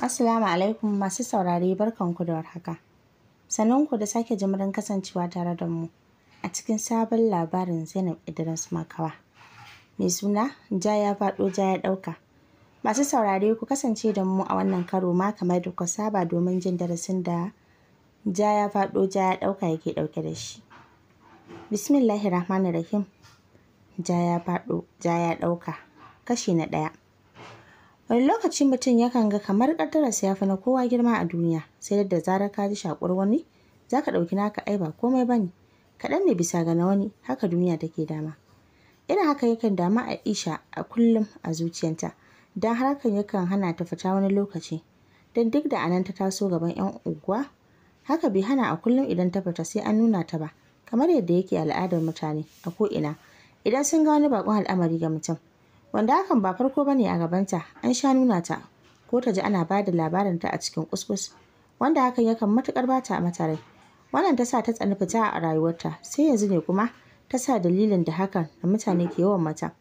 Assalamu alaikum masu saurare barkanku da warhaka. Sananku da sake jimirin kasancewa tare da mu a cikin sabon labarin Zainab Idris Makawa. Mai suna jaya ya faɗo ja ya ɗauka. Masu saurare ku kasance da mu a wannan karo ma kamar da ku saba domin jin darasin da ja ya faɗo ja ɗauka yake ɗauke da shi. Bismillahirrahmanirrahim. Ja ya faɗo ja ɗauka. Kashi na ɗaya. wani lokaci mutum yakan ga kamar ƙaddararsa ya fi na kowa girma a duniya sai da zarar ka ji shakur wani za ka ɗauki naka ai ba komai ba ne kaɗan ne bisa ga na wani haka duniya take dama irin haka yakan dama Aisha a kullum a zuciyarta don har hakan yakan hana ta fita wani lokaci don duk da anan ta taso gaban 'yan uguwa? haka bai hana a kullum idan ta fita sai an nuna ta ba kamar yadda yake al'adar mutane a ko ina idan sun ga wani bakon al'amari ga mutum wanda hakan ba farko ba ne a gabanta an sha nuna ta ko ta ji ana ba da ta a cikin kuskus wanda hakan yakan matukar ba ta mata rai wannan ta sa ta tsani fita a rayuwarta sai yanzu ne kuma ta sa dalilin da hakan da mutane ke yawan mata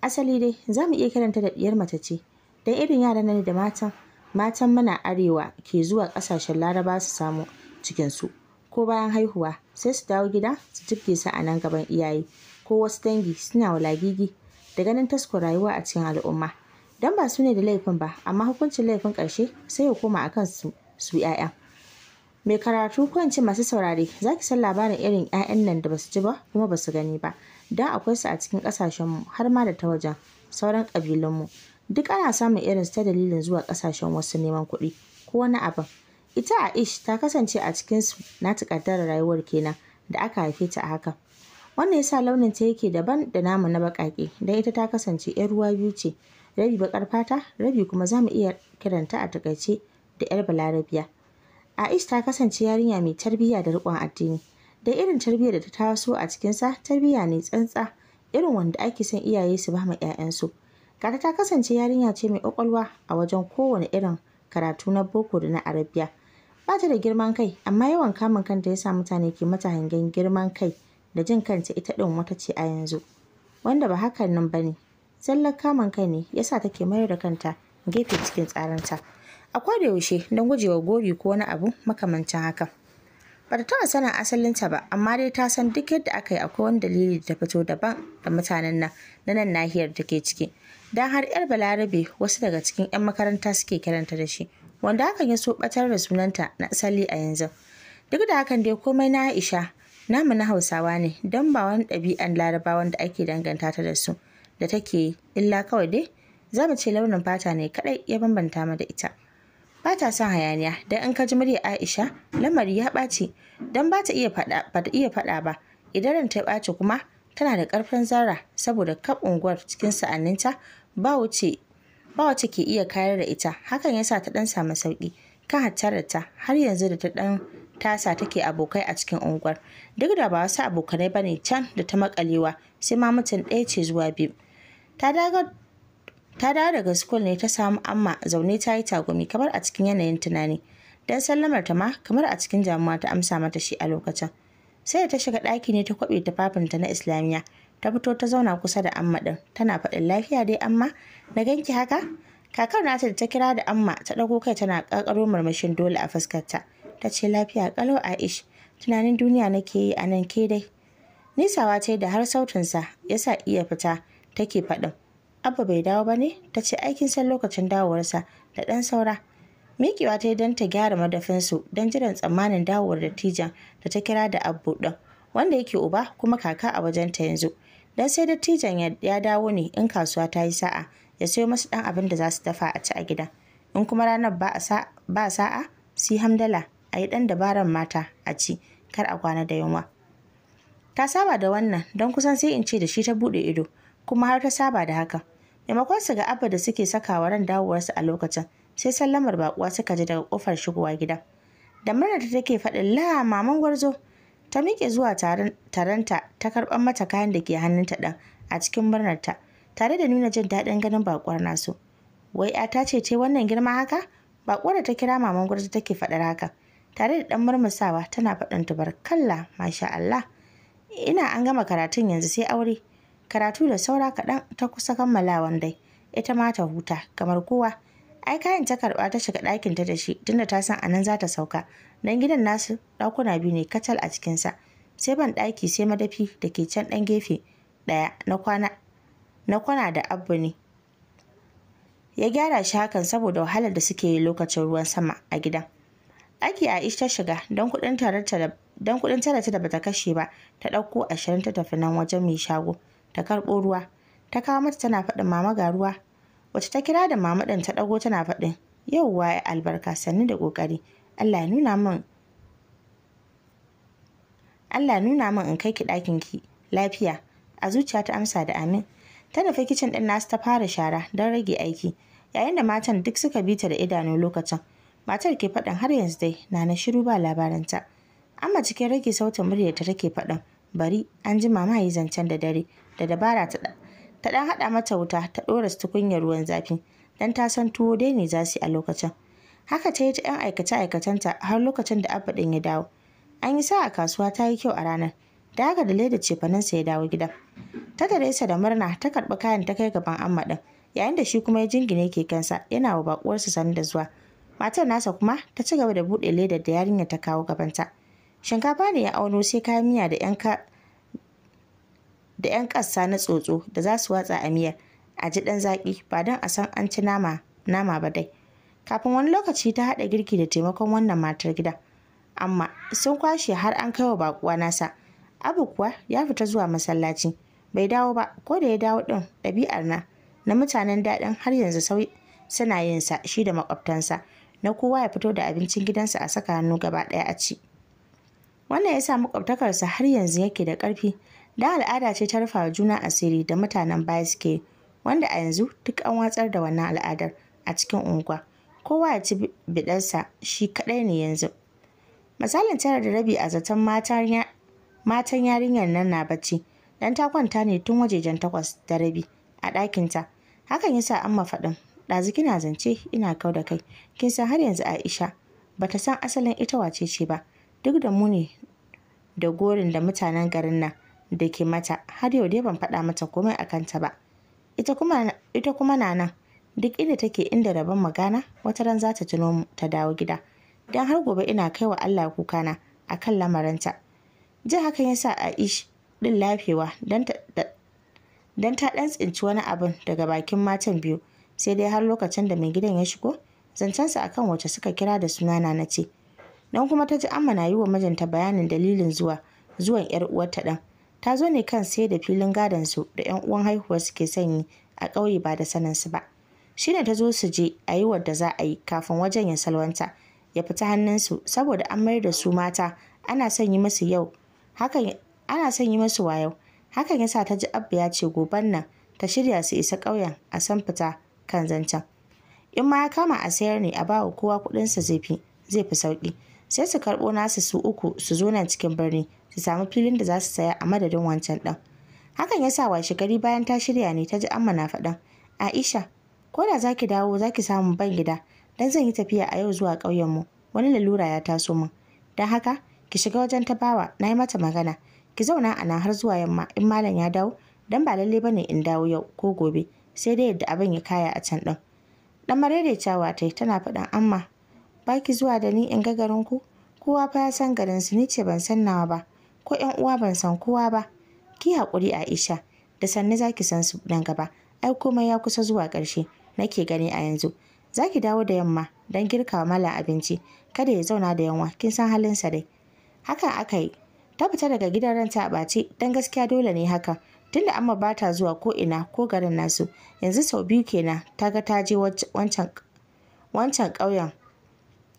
asali dai za mu iya kiranta da diyar mace ce dan irin yaran nan da matan matan mana arewa ke zuwa kasashen laraba su samu su ko bayan haihuwa sai su dawo gida su jibge su a nan gaban iyaye ko wasu dangi suna walagigi da ganin tasko rayuwa a cikin al'umma don ba su ne da laifin ba amma hukuncin laifin ƙarshe sai ya koma akan su su 'ya'ya mai karatu ko ince masu saurare za ki san labarin irin 'ya'yan nan da basu ji ba kuma basu gani ba don akwai su a cikin ƙasashenmu har ma da ta wajen sauran ƙabilunmu duk ana samun irin su ta dalilin zuwa ƙasashen wasu neman kuɗi ko wani abin ita aish ta kasance a cikinsu na takardar rayuwar kenan da aka haife ta a haka Wannan yasa launin ta yake daban da namu na baƙaƙe dan ita ta kasance ‘yar ruwa biyu ce, rabi baƙar fata rabi kuma zamu iya kiranta a takaice da ‘yar Balarabiya. aisha ta kasance yarinya mai tarbiyya da riƙon addini. Da irin tarbiyyar da ta taso a cikin sa tarbiyya ne tsantsa irin wanda ake son iyaye su ba ma ‘ya'yansu. gata ta kasance yarinya ce mai kwakwalwa a wajen kowane irin karatu na boko da na Arabiya. Ba ta da girman kai amma yawan kamun kanta yasa mutane ke mata hangen girman kai. da jin kanta ita ɗin wata ce a yanzu wanda ba hakan nan ba ne, zallar kamun kai ne yasa take mayar da kanta gefe cikin tsarinta a da yaushe don gujewa gori ko wani abu makamancin haka ba ta taɓa sanin asalinta ba amma dai ta san duk yadda aka yi akwai wani dalili da ta fito daban da mutanen nan na nan nahiyar da ke ciki don har yar balarabe wasu daga cikin 'yan makaranta suke kiranta da shi wanda hakan ya so batar da sunanta na asali a yanzu duk da hakan dai komai na aisha namu na hausawa ne don ba wani ɗabi'an larabawan da ake danganta ta da su da take illa kawai dai za mu ce launin fata ne kadai ya bambanta mu da ita ba ta son hayaniya don in ka ji murya aisha lamari ya ɓaci don ba ta iya faɗa ba idan ran ta ɓaci kuma tana da ƙarfin zarra saboda kaf unguwar cikin sa'anninta ba wuce ba ke iya kayar da ita hakan yasa ta ɗan samu sauƙi kan hattarar ta har yanzu da ta ɗan tasa take abokai a cikin unguwar duk da ba wasu abokanai ne can da ta makalewa sai ma mutum ɗaya ce zuwa biyu ta dawo daga school ne ta samu amma zaune ta yi tagumi kamar a cikin yanayin tunani dan sallamar ta ma kamar a cikin damuwa ta amsa mata shi a lokacin sai ta shiga ɗaki ne ta kwaɓe tufafinta na islamiyya ta fito ta zauna kusa da amma ɗin tana faɗin lafiya dai amma na ganki haka kakar nata da ta kira da amma ta ɗago kai tana ƙaƙaro murmushin dole a fuskarta. ta ce lafiya kalau aish tunanin duniya nake yi a nan ke dai nisawa ta da har sautinsa ya sa iya fita take faɗin abba bai dawo ba ne ta ce aikin san lokacin dawowarsa da ɗan saura miƙewa ta yi don ta gyara madafinsu don jiran tsammanin dawowar dattijan da ta kira da abu ɗin wanda yake uba kuma kaka a wajenta yanzu don sai dattijan ya dawo ne in kasuwa ta yi sa'a ya sayo masu ɗan abin da za su dafa a ci a gida in kuma ranar ba sa'a sai hamdala a yi ɗan dabaran mata a ci kar a kwana da yunwa ta saba da wannan don kusan sai in ce da shi ta buɗe ido kuma har ta saba da haka maimakon su ga abba da suke sakawa ran dawowarsu a lokacin sai sallamar bakuwa suka ji daga kofar shigowa gida da murna ta take faɗin la maman gwarzo ta miƙe zuwa taronta ta karɓar mata kayan da ke hannunta ɗan a cikin murnarta tare da nuna jin daɗin ganin bakuwar nasu wai 'ya ta ce ce wannan girma haka bakuwar da ta kira maman gwarzo take faɗar haka tare da ɗan murmusawa tana faɗin tubarkalla masha Allah ina an gama karatun yanzu sai aure karatu da saura kaɗan ta kusa kammalawan dai ita ma ta huta kamar kowa ai kayan ta karɓa ta shiga ɗakin ta da shi tunda ta san anan za ta sauka dan gidan nasu ɗakuna biyu ne kacal a cikinsa sai ban ɗaki sai madafi da ke can ɗan gefe ɗaya na kwana na kwana da abu ne ya gyara shi hakan saboda wahalar da suke yi lokacin ruwan sama a gidan ake Aisha ta shiga don kuɗin tare ta da bata kashe ba ta ɗauko ashirin ta tafi nan wajen mai shago ta karɓo ruwa ta kawo mata tana faɗin mama ga ruwa wacce ta kira da mama ɗin ta ɗago tana faɗin yauwa ya albarka sannu da ƙoƙari Allah ya nuna min Allah nuna min in kai ki ɗakin ki lafiya a zuciya ta amsa da amin ta nufi kicin ɗin nasu ta fara shara don rage aiki yayin da matan duk suka bita da idanu lokacin matar ke faɗin har yanzu dai na na shiru ba labaranta amma cikin rage sautin murya ta take faɗin bari an ji mama yi zancen da dare da dabara ta ta ɗan haɗa mata wuta ta ɗora tukunyar ruwan zafi dan ta san tuwo dai ne za su a lokacin haka ta yi ta 'yan aikace aikatanta har lokacin da abba ɗin ya dawo an yi sa'a kasuwa ta yi kyau a ranar da haka da leda sa ya dawo gida ta sa da murna ta karɓi kayan ta kai gaban amma ɗin yayin da shi kuma ya jingine kekensa yana wa baƙuwarsa sanin da zuwa matar nasa kuma ta ci gaba da buɗe ledar da yarinyar ta kawo gabanta shinkafa ne ya auno sai kayan miya da yan da ƙasa na tsotso da za su watsa a miyar a ji ɗan zaƙi ba don a san an ci nama nama ba dai kafin wani lokaci ta haɗa girki da taimakon wannan matar gida amma sun kwashe har an kai wa bakuwa nasa abu kuwa ya fita zuwa masallaci bai dawo ba ko da ya dawo ɗin ɗabi'ar na na mutanen daɗin har yanzu suna yin sa shi da makwabtansa na kowa ya fito da abincin gidansa a saka hannu gaba ɗaya a ci wannan ya sa makwabtakarsa har yanzu yake da ƙarfi da al'ada ce ta rufa juna asiri da mutanen baya suke wanda a yanzu duk an watsar da wannan al'adar a cikin unguwa kowa ya ci bidarsa shi kaɗai ne yanzu misalin tara da rabi a zaton matan yarinyar nan na bacci dan ta kwanta ne tun wajejen takwas da rabi a ɗakinta hakan yasa sa amma faɗin ɗazu kina zance ina kau da kai kin san har yanzu aisha bata san asalin ita wace ce ba duk da mu ne da gorin da mutanen garin nan da ke mata har yau dai ban faɗa mata komai a kanta ba ita kuma na nan duk inda take inda rabon magana wata ran za ta tuno ta dawo gida dan har gobe ina kai wa Allah kukana akan lamarinta jin hakan ya sa Aish ɗin lafewa dan ta dan tsinci wani abin daga bakin matan biyu sai dai har lokacin da mai gidan ya shigo zancensa akan wacce suka kira da sunana na ce don kuma ta ji amma na yi wa mijinta bayanin dalilin zuwa zuwan yar uwarta ɗan ta zo ne kan sai da filin gadon su da yan uwan haihuwar suke sanyi a ƙauye ba da sanin su ba ne ta zo su je a yi wadda za a yi kafin wajen ya salwanta ya fita hannunsu saboda an mayar da su mata ana son yi musu yau hakan ana son musu wayau hakan yasa ta ji abba ya ce goban nan ta shirya su isa ƙauyen a san fita kan zancen in ma ya kama a sayar ne a bawa kowa kuɗinsa zai fi zai fi sauƙi sai su karɓo nasu su uku su zo nan cikin birni su samu filin da za su saya a madadin wancan ɗan hakan ya sa washe gari bayan ta shirya ne ta ji amma na faɗan aisha ko da za ki dawo za ki samu ban gida dan zan yi tafiya a yau zuwa ƙauyenmu wani lalura ya taso min don haka ki shiga wajen ta bawa na yi mata magana ki zauna a nan har zuwa yamma in malam ya dawo dan ba lalle bane in dawo yau ko gobe sai dai yadda abin ya kaya a can ɗin. Ɗan madaidaitawa ta yi tana faɗin amma ba ki zuwa da ni in ga garinku? Kowa fa ya san garinsu ni ce ban san nawa ba, ko ‘yan uwa ban san kowa ba. Ki hakuri Aisha, da sanni za ki san su nan gaba, ai komai ya kusa zuwa ƙarshe, nake gani a yanzu. Za ki dawo da yamma don girkawa mala abinci, kada ya zauna da yanwa, kin san halin sa dai. Hakan aka yi, ta fita daga gidan ranta a ɓace, don gaskiya dole ne haka tun da amma ba ta zuwa ko ina ko garin nasu yanzu sau biyu kenan ta ga ta je wancan ƙauyen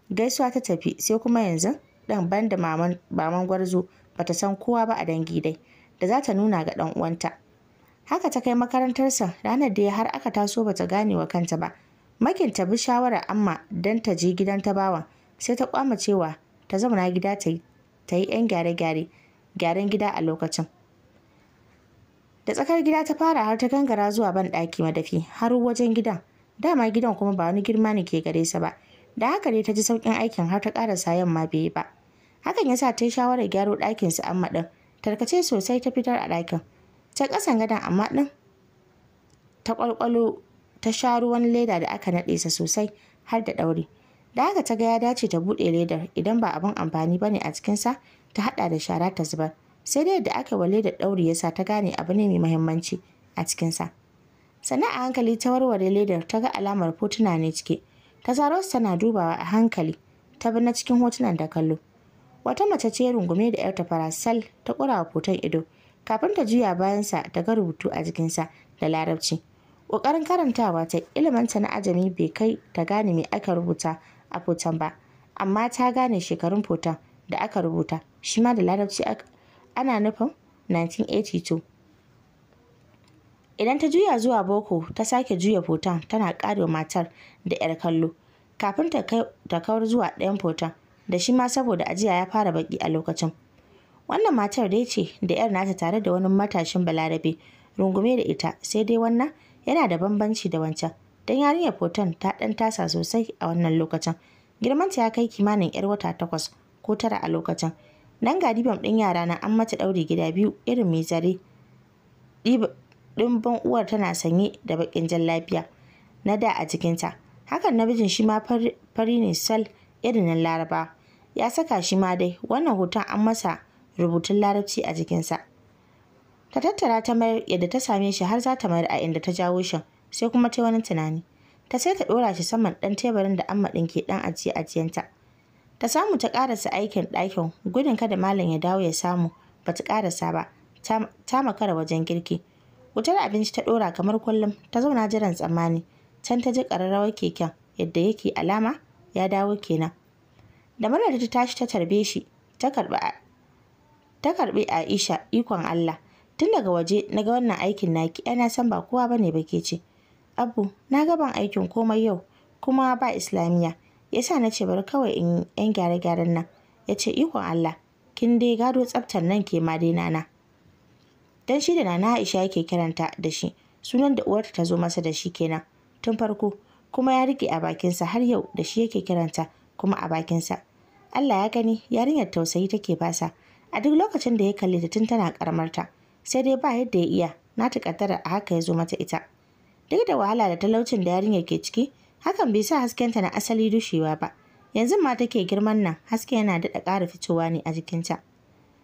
gaisuwa ta tafi sai kuma yanzu ɗan da maman gwarzo ta san kowa ba a dangi dai da za ta nuna ga ɗan uwanta haka ta kai makarantarsa ranar da ya har aka taso ba ta gane wa kanta ba makin ta bi shawarar amma don ta je gidan ta bawan sai ta kwama cewa ta zauna gida ta yi 'yan gyare-gyare gyaren gida a lokacin da tsakar gida ta fara har ta gangara zuwa ban ɗaki madafi har wajen gidan dama gidan kuma ba wani girma ne ke gare sa ba da haka dai ta ji sauƙin aikin har ta ƙarasa yamma bai ba hakan yasa ta yi shawarar gyaro ɗakin su amma ɗin tarkace sosai ta fitar a ɗakin ta ƙasan gadon amma ɗin ta ƙwalƙwalo ta sha ruwan leda da aka naɗe sa sosai har da ɗauri da haka ta ga ya dace ta buɗe ledar idan ba abin amfani ba ne a cikinsa ta haɗa da shara ta zubar sai dai da aka wale da ɗauri ya sa ta gane abu ne mai muhimmanci a cikinsa sannan a hankali ta warware ledar ta ga alamar hotuna ne cike ta zaro tana dubawa a hankali ta bi na cikin hotunan da kallo wata mace ce rungume da yarta farasal ta ƙura hoton ido kafin ta juya bayansa ta ga rubutu a jikinsa da larabci ƙoƙarin karantawa ta ilimanta na ajami bai kai ta gane me aka rubuta a foton ba amma ta gane shekarun foton da aka rubuta shi ma da larabci ana nufin 1982. Idan ta juya zuwa boko ta sake juya foton tana ƙarewa matar da 'yar kallo kafin ta kawar zuwa ɗayan foton da shi ma saboda ajiya ya fara baki a lokacin. Wannan matar dai ce da 'yar nata tare da wani matashin balarabe rungume da ita sai dai wannan yana da bambanci da wancan don yarinyar foton ta ɗan tasa sosai a wannan lokacin. Girmanta ya kai kimanin 'yar wata takwas ko tara a lokacin. nan ga dibam ɗin yara na an mata ɗaure gida biyu irin mai zare ɗimban uwar tana sanye da bakin jan lafiya na da a jikinta hakan namijin shi ma fari ne sal irin nan laraba ya saka shi ma dai wannan hoton an masa rubutun larabci a jikinsa ta tattara ta mayar yadda ta same shi har za ta mayar a inda ta jawo shi sai kuma ta wani tunani ta sai ta ɗora shi saman ɗan teburin da amma ɗin ke ɗan ajiye ajiyanta ta samu ta karasa aikin ɗakin gudun kada malam ya dawo ya samu ba ta karasa ba ta makara wajen girki wutar abinci ta ɗora kamar kullum ta zauna jiran tsammani can ta ji ƙararrawar keken yadda yake alama ya dawo kenan da da ta tashi ta tarbe shi ta karɓi Aisha ikon Allah tun daga waje na ga wannan aikin naki ana san ba kowa bane ba ke ce abu na gaban aikin komai yau kuma ba islamiyya Ya sa na ce bari kawai in yan gyare-gyaren nan ya ce ikon Allah kin dai gado tsaftar nan ke ma dai nana dan shi da nana Aisha yake kiranta da shi sunan da uwarta ta zo masa da shi kenan tun farko kuma ya rike a bakinsa har yau da shi yake kiranta kuma a bakinsa Allah ya gani yarinyar tausayi take basa a duk lokacin da ya kalle ta tun tana karamarta sai dai ba yadda ya iya na ta kaddara a haka ya zo mata ita duk da wahala da talaucin da yarinyar ke ciki hakan bai sa haskenta na asali dushewa ba yanzu ma take girman nan haske yana daɗa ƙara fitowa ne a jikinta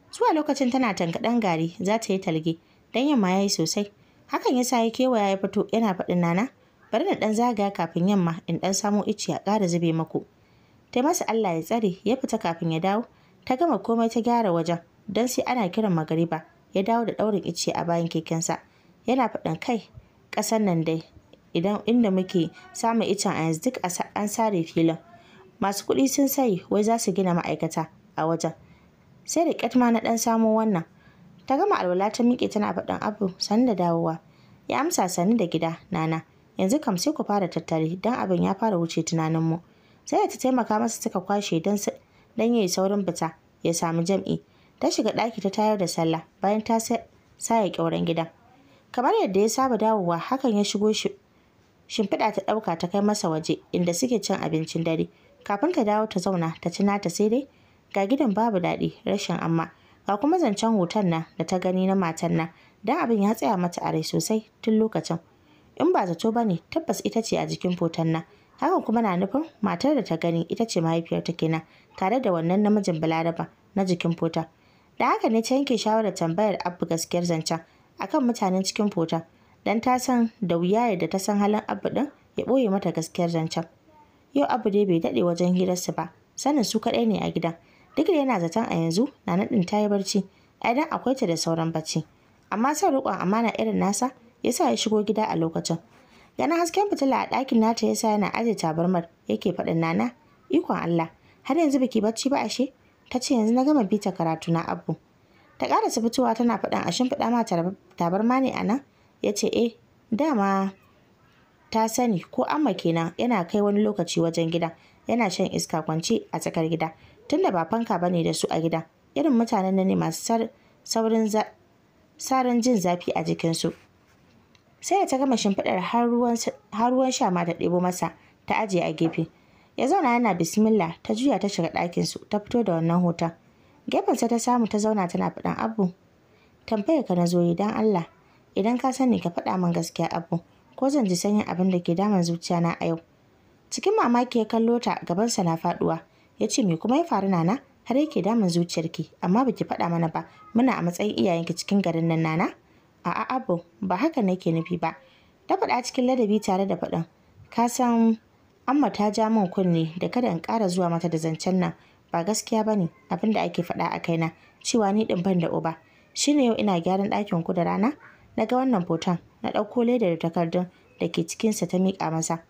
zuwa lokacin tana tankaɗen gari za ta yi talge Dan yamma ya yi sosai hakan ya sa ya kewaya ya fito yana faɗin nana bari na ɗan zagaya kafin yamma in ɗan samo icce a ƙara zube mako ta masa Allah ya tsare ya fita kafin ya dawo ta gama komai ta gyara wajen don sai ana kiran magariba ya dawo da ɗaurin icce a bayan kekensa yana faɗin kai ƙasan nan dai idan inda muke samun icen a duk an sare filin masu kuɗi sun sayi wai za su gina ma'aikata a wajen sai da ƙyat na ɗan samo wannan ta gama alwala ta miƙe tana faɗin abu sani da dawowa ya amsa sannu da gida nana yanzu kam sai ku fara tattare don abin ya fara wuce tunaninmu sai da ta taimaka masa suka kwashe don ya yi saurin fita ya samu jam'i ta shiga ɗaki ta tayar da sallah bayan ta sa ya ƙyauren gidan kamar yadda ya saba dawowa hakan ya shigo shi shimfiɗa ta ɗauka ta kai masa waje inda suke cin abincin dare kafin ta dawo ta zauna ta ci nata sai dai ga gidan babu daɗi rashin amma ga kuma zancen hoton nan da ta gani na matan na, dan abin ya tsaya mata a rai sosai tun lokacin in ba zato ba ne, tabbas ita ce a jikin hoton na, hakan kuma na nufin matar da ta gani ita ce mahaifiyar mahaifiyarta kenan tare da wannan namijin balaraba na jikin fota da haka ne ta yanke shawarar tambayar abu gaskiyar zancen akan mutanen cikin fota dan ta san da wuya yadda ta san halin abu ɗin ya ɓoye mata gaskiyar zancen yau abu dai bai daɗe wajen su ba sanin su kaɗai ne a gidan duk da yana zaton a yanzu na naɗin ta yi barci ai dan akwai ta da sauran bacci amma son riƙon amana irin nasa ya sa ya shigo gida a lokacin ganin hasken fitila a ɗakin nata ya sa yana aje tabarmar yake faɗin nana ikon Allah har yanzu baki bacci ba ashe ta ce yanzu na gama bita karatu na abu ta ƙarasa fitowa tana faɗin a shimfiɗa ma tabarma ne a nan ya ce eh dama ta sani ko amma kenan yana kai wani lokaci wajen gida yana shan iska kwance a tsakar gida tunda ba fanka ba ne da su a gida irin mutanen nan ne masu saurin sarin jin zafi a jikinsu sai da ta gama shimfiɗar har ruwan sha ma ta ɗebo masa ta ajiye a gefe ya zauna yana bismillah ta juya ta shiga ɗakinsu ta fito da wannan hoton gefensa ta samu ta zauna tana faɗan abu tambayar ka na zo don allah idan ka sani ka faɗa min gaskiya abu ko zan ji sanyin abin da ke damun na a yau cikin mamaki ya kallo ta gaban sa na faɗuwa ya ce me kuma ya faru nana har yake damun zuciyarki amma baki faɗa mana ba muna a matsayin iyayenki cikin garin nan nana a'a abu ba haka nake nufi ba ta faɗa cikin ladabi tare da faɗin ka san amma ta ja min kunne da kada in ƙara zuwa mata da zancen nan ba gaskiya bane abin da ake faɗa a kaina cewa ni ɗin ban da uba shine yau ina gyaran ɗakin ku da rana na ga wannan hoton na ɗauko ledar takardun da ke cikinsa ta miƙa masa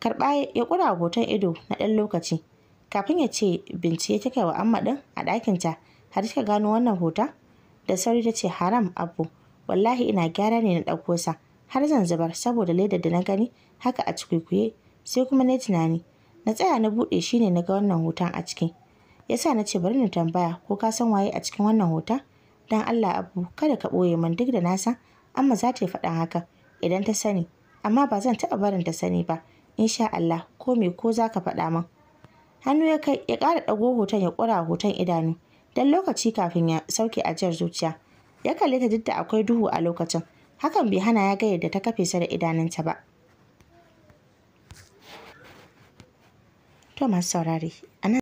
karɓa ya ƙura hoton ido na ɗan lokaci kafin ya ce bincike ta kai wa amma ɗin a ɗakinta har kika gano wannan hoton da sauri ta ce haram abu wallahi ina gyara ne na ɗauko sa har zan zubar saboda ledar da na gani haka a cikuikuye sai kuma na tunani na tsaya na buɗe shi ne na ga wannan hoton a ciki yasa na ce bari na tambaya ko ka san waye a cikin wannan hoton dan Allah abu kada ka ɓoye min duk da nasa? amma za ta faɗa haka idan ta sani amma ba zan taɓa barin ta sani ba insha Allah ko me ko za ka faɗa min hannu ya kai ya ƙara ɗago hoton ya ƙura hoton idanu dan lokaci kafin ya sauke ajiyar zuciya ya kalle ta duk da akwai duhu a lokacin hakan bai hana ya ga yadda ta kafe sa da idanunta ba to masu saurare